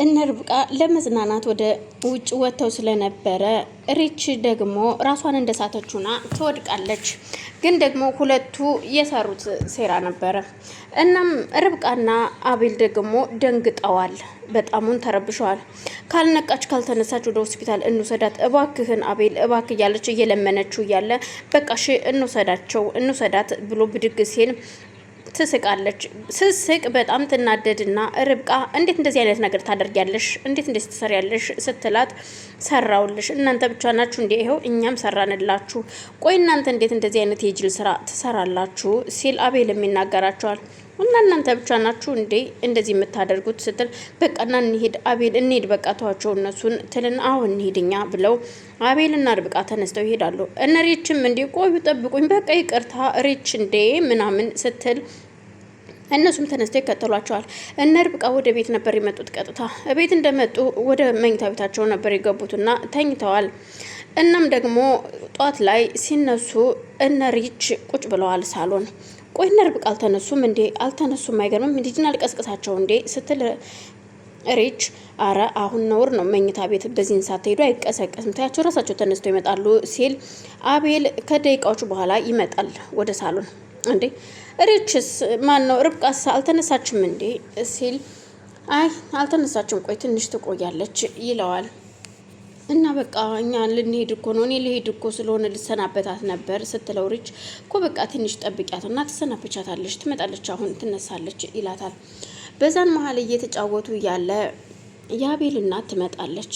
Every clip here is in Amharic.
እነ ርብቃ ለመዝናናት ወደ ውጭ ወጥተው ስለነበረ ሪች ደግሞ ራሷን እንደሳተችና ትወድቃለች። ግን ደግሞ ሁለቱ የሰሩት ሴራ ነበረ። እናም ርብቃና አቤል ደግሞ ደንግጠዋል፣ በጣሙን ተረብሸዋል። ካልነቃች ካልተነሳች ወደ ሆስፒታል እንውሰዳት እባክህን አቤል እባክ እያለች እየለመነችው እያለ በቃሽ እንውሰዳቸው እንውሰዳት ብሎ ብድግ ሲል ትስቃለች። ስስቅ በጣም ትናደድና ርብቃ እንዴት እንደዚህ አይነት ነገር ታደርጊያለሽ? እንዴት እንደዚህ ትሰሪያለሽ? ስትላት ሰራውልሽ እናንተ ብቻ ናችሁ እንዲ ይኸው እኛም ሰራንላችሁ። ቆይ እናንተ እንዴት እንደዚህ አይነት የጅል ስራ ትሰራላችሁ? ሲል አቤልም ይናገራቸዋል። እና እናንተ ብቻ ናችሁ እንዴ እንደዚህ የምታደርጉት? ስትል ና እንሄድ አቤል እንሄድ በቃ ተዋቸው እነሱን ትልን አሁን እንሄድኛ ብለው አቤልና ርብቃ ተነስተው ይሄዳሉ። እነ ሬችም እንዴ ቆዩ ጠብቁኝ፣ በቃ ይቅርታ ሬች እንዴ ምናምን ስትል እነሱም ተነስተው ይከተሏቸዋል። እነ ርብቃ ወደ ቤት ነበር የመጡት። ቀጥታ ቤት እንደመጡ ወደ መኝታ ቤታቸው ነበር የገቡትና ተኝተዋል። እናም ደግሞ ጧት ላይ ሲነሱ እነ ሪች ቁጭ ብለዋል ሳሎን። ቆይ እነ ርብቃ አልተነሱም እንዴ? አልተነሱም፣ አይገርምም። ልጅን አልቀስቅሳቸው እንዴ ስትል ሪች አረ አሁን ነውር ነው መኝታ ቤት በዚህን ሰዓት ሄዱ አይቀሰቀስም፣ ታያቸው ራሳቸው ተነስተው ይመጣሉ ሲል አቤል ከደቂቃዎቹ በኋላ ይመጣል ወደ ሳሎን እንዴ ሪችስ ማን ነው? ርብቃስ አልተነሳችም እንዴ ሲል አይ አልተነሳችም፣ ቆይ ትንሽ ትቆያለች ይለዋል። እና በቃ እኛ ልንሄድ እኮ ነው፣ እኔ ልሄድ እኮ ስለሆነ ልሰናበታት ነበር ስትለው ሪች እኮ በቃ ትንሽ ጠብቂያት እና ትሰናበቻታለች፣ ትመጣለች፣ አሁን ትነሳለች ይላታል። በዛን መሀል እየተጫወቱ ያለ ያቤልና እናት ትመጣለች።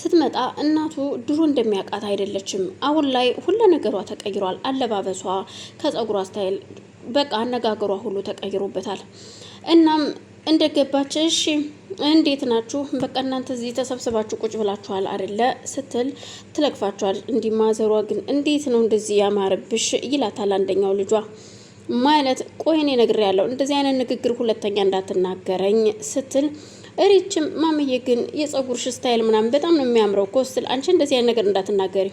ስትመጣ እናቱ ድሮ እንደሚያውቃት አይደለችም። አሁን ላይ ሁለ ነገሯ ተቀይሯል። አለባበሷ፣ ከጸጉሯ ስታይል፣ በቃ አነጋገሯ ሁሉ ተቀይሮበታል። እናም እንደ ገባች እሺ እንዴት ናችሁ? በቃ እናንተ እዚህ ተሰብስባችሁ ቁጭ ብላችኋል አደለ? ስትል ትለግፋችኋል። እንዲህ ማዘሯ ግን እንዴት ነው እንደዚህ ያማረብሽ? ይላታል አንደኛው ልጇ ማለት ቆይኔ ነግሬ ያለው እንደዚህ አይነት ንግግር ሁለተኛ እንዳትናገረኝ ስትል እሪችም ማምዬ ግን የጸጉርሽ ስታይል ምናምን በጣም ነው የሚያምረው እኮ ስል አንቺ እንደዚህ አይነት ነገር እንዳትናገሪ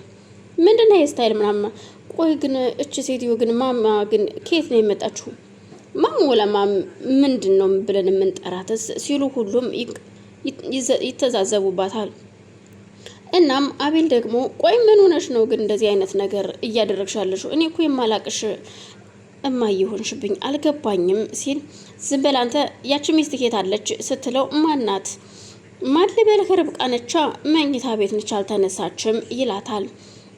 ምንድን ነው የስታይል ምናምን። ቆይ ግን እች ሴትዮ ግን ማማ ግን ከየት ነው የመጣችሁ? ማም ወለማ ምንድን ነው ብለን የምንጠራትስ ሲሉ ሁሉም ይተዛዘቡባታል። እናም አቤል ደግሞ ቆይ ምን ሆነሽ ነው ግን እንደዚህ አይነት ነገር እያደረግሻለሽ? እኔ እኮ የማላቅሽ እማዬ ሆንሽብኝ አልገባኝም ሲል ዝም በል አንተ ያቺ ሚስት ኬት አለች ስትለው ማናት ማን ልበል ርብቃ ነቻ መኝታ ቤት ነች አልተነሳችም ይላታል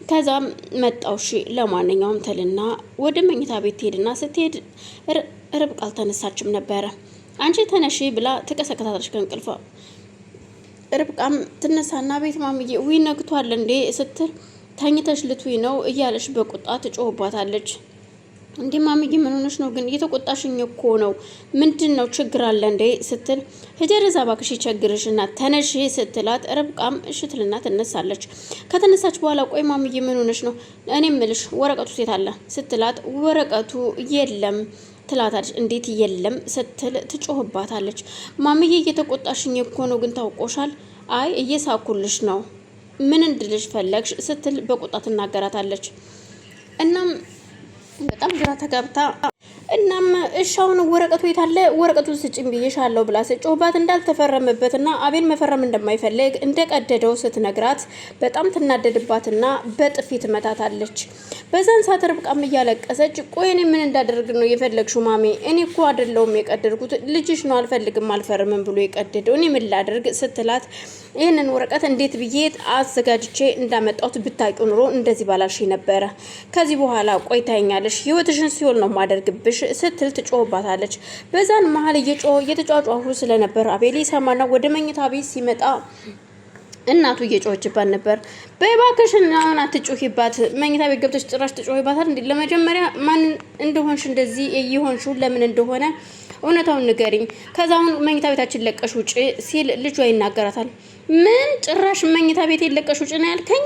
ከዛም መጣው ሺ ለማንኛውም ትልና ወደ መኝታ ቤት ትሄድና ስትሄድ ርብቃ አልተነሳችም ነበረ አንቺ ተነሺ ብላ ትቀሰቀሳለች ከእንቅልፏ ርብቃም ትነሳና ቤት ማምዬ ዊ ነግቷል እንዴ ስትል ተኝተሽ ልትዊ ነው እያለች በቁጣ ትጮህባታለች እንዴ ማሚዬ ምን ሆነሽ ነው ግን እየተቆጣሽኝ እኮ ነው ምንድን ነው ችግር አለ እንዴ ስትል ሂደረዛ ባክሽ ቸግርሽና ተነሽ ስትላት ርብቃም እሺ ትልና ትነሳለች ከተነሳች በኋላ ቆይ ማሚዬ ምን ሆነሽ ነው እኔ ምልሽ ወረቀቱ ሴት አለ ስትላት ወረቀቱ የለም ትላታለች እንዴት የለም ስትል ትጮህባታለች ማሚዬ እየተቆጣሽኝ እኮ ነው ግን ታውቆሻል አይ እየሳኩልሽ ነው ምን እንድልሽ ፈለግሽ ስትል በቁጣ ትናገራታለች እናም በጣም ግራ ተጋብታ እናም እሻውን ወረቀቱ የታለ ወረቀቱ ስጭኝ ብዬሻለሁ ብላ ስጮህባት እንዳልተፈረመበትና አቤል መፈረም እንደማይፈልግ እንደቀደደው ስትነግራት በጣም ትናደድባትና በጥፊ ትመታታለች። በዛን ሰዓት ርብቃም እያለቀሰች ቆይ እኔ ምን እንዳደርግ ነው የፈለግሽው ማሜ? እኔ እኮ አይደለሁም የቀደድኩት ልጅሽ ነው አልፈልግም አልፈርምም ብሎ የቀደደው እኔ ምን ላደርግ ስትላት ይህንን ወረቀት እንዴት ብዬ አዘጋጅቼ እንዳመጣሁት ብታውቂው ኑሮ እንደዚህ ባላሽ ነበረ። ከዚህ በኋላ ቆይ ህይወትሽን ሲሆን ነው ማደርግብሽ ስትል ትጮህባታለች። በዛን መሀል እየተጫጫሁ ስለነበር አቤል ይሰማና ወደ መኝታ ቤት ሲመጣ እናቱ እየጮኸችባት ነበር። በባክሽን አሁን አትጮሂባት፣ መኝታ ቤት ገብተሽ ጭራሽ ትጮሂባታል እንዴ? ለመጀመሪያ ማን እንደሆንሽ እንደዚህ እየሆንሽው ለምን እንደሆነ እውነታውን ንገሪኝ፣ ከዛ አሁን መኝታ ቤታችን ለቀሽ ውጭ ሲል ልጇ ይናገራታል። ምን ጭራሽ መኝታ ቤት ለቀሽ ውጭ ነው ያልከኝ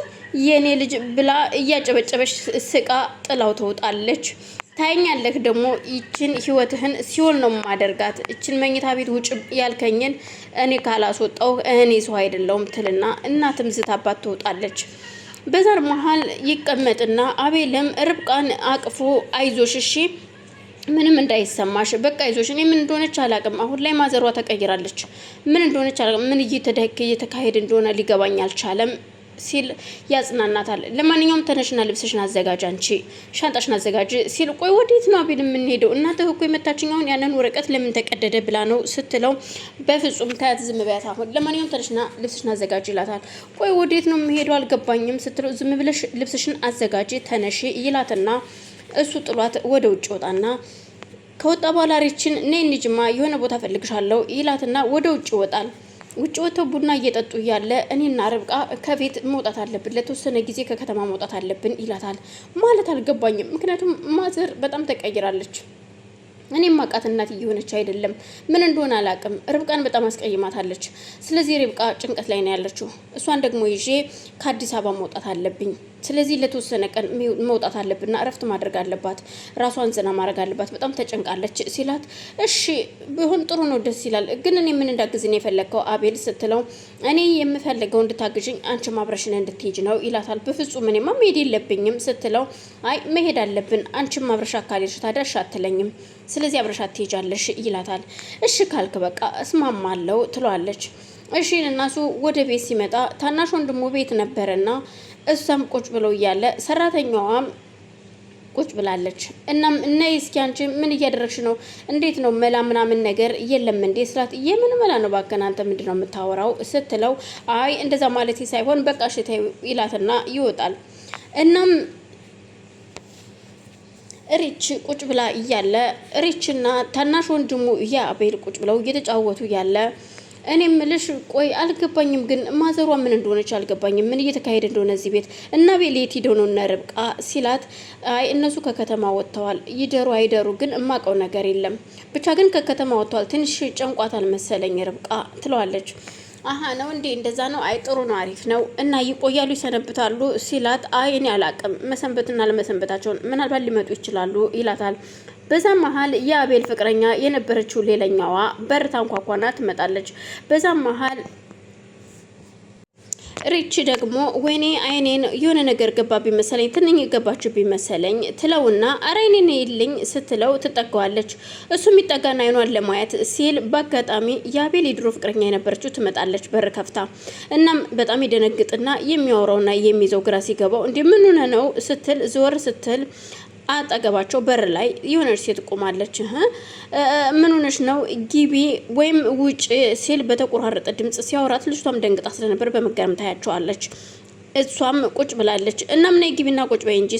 የኔ ልጅ ብላ እያጨበጨበች ስቃ ጥላው ተውጣለች። ታየኛለህ ደግሞ ይችን ህይወትህን ሲሆን ነው ማደርጋት። እችን መኝታ ቤት ውጭ ያልከኝን እኔ ካላስወጣው እኔ ሰው አይደለሁም ትልና እናትም ዝታባት ትወጣለች። በዛር መሀል ይቀመጥና አቤልም ርብቃን አቅፎ አይዞሽ እሺ ምንም እንዳይሰማሽ በቃ አይዞሽ። እኔ ምን እንደሆነች አላቅም። አሁን ላይ ማዘሯ ተቀይራለች። ምን እንደሆነች አላቅም። ምን እየተካሄደ እንደሆነ ሊገባኝ አልቻለም። ሲል ያጽናናታል። ለማንኛውም ተነሽና ልብስሽን አዘጋጅ፣ አንቺ ሻንጣሽን አዘጋጅ ሲል ቆይ ወዴት ነው አቤል የምንሄደው? እናትህ እኮ የመታችኛውን ያንን ወረቀት ለምን ተቀደደ ብላ ነው ስትለው በፍጹም ታያት፣ ዝም በያት አሁን። ለማንኛውም ተነሽና ልብስሽን አዘጋጅ ይላታል። ቆይ ወዴት ነው የምሄደው አልገባኝም ስትለው ዝም ብለሽ ልብስሽን አዘጋጅ ተነሽ ይላትና እሱ ጥሏት ወደ ውጭ ወጣና ከወጣ በኋላ ሬችን ነይ እንጂማ የሆነ ቦታ ፈልግሻለሁ ይላትና ወደ ውጭ ይወጣል። ውጭ ወጥተው ቡና እየጠጡ እያለ እኔና ርብቃ ከቤት መውጣት አለብን፣ ለተወሰነ ጊዜ ከከተማ መውጣት አለብን ይላታል። ማለት አልገባኝም፣ ምክንያቱም ማዘር በጣም ተቀይራለች። እኔም ማቃት እናት እየሆነች አይደለም፣ ምን እንደሆነ አላቅም። ርብቃን በጣም አስቀይማታለች። ስለዚህ ርብቃ ጭንቀት ላይ ነው ያለችው። እሷን ደግሞ ይዤ ከአዲስ አበባ መውጣት አለብኝ ስለዚህ ለተወሰነ ቀን መውጣት አለብና እረፍት ማድረግ አለባት፣ ራሷን ዘና ማድረግ አለባት፣ በጣም ተጨንቃለች ሲላት፣ እሺ ቢሆን ጥሩ ነው፣ ደስ ይላል። ግን እኔ ምን እንዳግዝ ነው የፈለግከው አቤል ስትለው፣ እኔ የምፈልገው እንድታግዥኝ አንቺ ማብረሽን እንድትሄጅ ነው ይላታል። በፍጹም እኔማ መሄድ የለብኝም ስትለው፣ አይ መሄድ አለብን፣ አንቺ ማብረሽ አካሌሽ ታዲያ እሺ አትለኝም፣ ስለዚህ አብረሻ ትሄጃለሽ ይላታል። እሺ ካልክ በቃ እስማማለው ትሏለች። እሺን እናሱ ወደ ቤት ሲመጣ ታናሽ ወንድሙ ቤት ነበረና እሷም ቁጭ ብለው እያለ ሰራተኛዋም ቁጭ ብላለች። እናም እነ እስኪ አንቺ ምን እያደረግሽ ነው? እንዴት ነው መላ ምናምን ነገር የለም እንዴ ስላት፣ የምን መላ ነው እባክህ አንተ ምንድን ነው የምታወራው? ስትለው አይ እንደዛ ማለት ሳይሆን በቃ ሽታ ይላትና ይወጣል። እናም ሪች ቁጭ ብላ እያለ ሪችና ታናሽ ወንድሙ ያቤል ቁጭ ብለው እየተጫወቱ ያለ እኔ ምልሽ ቆይ አልገባኝም፣ ግን ማዘሯ ምን እንደሆነች አልገባኝም። ምን እየተካሄደ እንደሆነ እዚህ ቤት እና ቤሌት ሂደው ነው እነ ርብቃ ሲላት፣ አይ እነሱ ከከተማ ወጥተዋል፣ ይደሩ አይደሩ ግን እማቀው ነገር የለም ብቻ ግን ከከተማ ወጥተዋል። ትንሽ ጨንቋታል መሰለኝ ርብቃ ትለዋለች። አሀ ነው እንዴ? እንደዛ ነው። አይ ጥሩ ነው፣ አሪፍ ነው። እና ይቆያሉ፣ ይሰነብታሉ ሲላት፣ አይ እኔ አላቅም መሰንበትና ለመሰንበታቸውን ምናልባት ሊመጡ ይችላሉ ይላታል። በዛ መሀል የአቤል ፍቅረኛ የነበረችው ሌላኛዋ በር ታንኳኳና ትመጣለች። በዛ መሀል ሪች ደግሞ ወይኔ አይኔን የሆነ ነገር ገባ ቢመሰለኝ ትንኝ ገባችሁ ቢመሰለኝ ትለውና ኧረ አይኔን ይልኝ ስትለው ትጠጋዋለች። እሱ የሚጠጋን አይኗን ለማየት ሲል በአጋጣሚ የአቤል የድሮ ፍቅረኛ የነበረችው ትመጣለች በር ከፍታ። እናም በጣም ይደነግጥና የሚያወራውና የሚይዘው ግራ ሲገባው እንዲ ምን ሆነ ነው ስትል ዞር ስትል አጠገባቸው በር ላይ የሆነች ሴት ቆማለች። ምን ነው ጊቢ ወይም ውጭ ሲል በተቆራረጠ ድምጽ ሲያወራት ልጅቷም ደንግጣ ስለነበር በመገረም ታያቸዋለች። እሷም ቁጭ ብላለች። እናም ነይ ጊቢና ቁጭ በይ እንጂ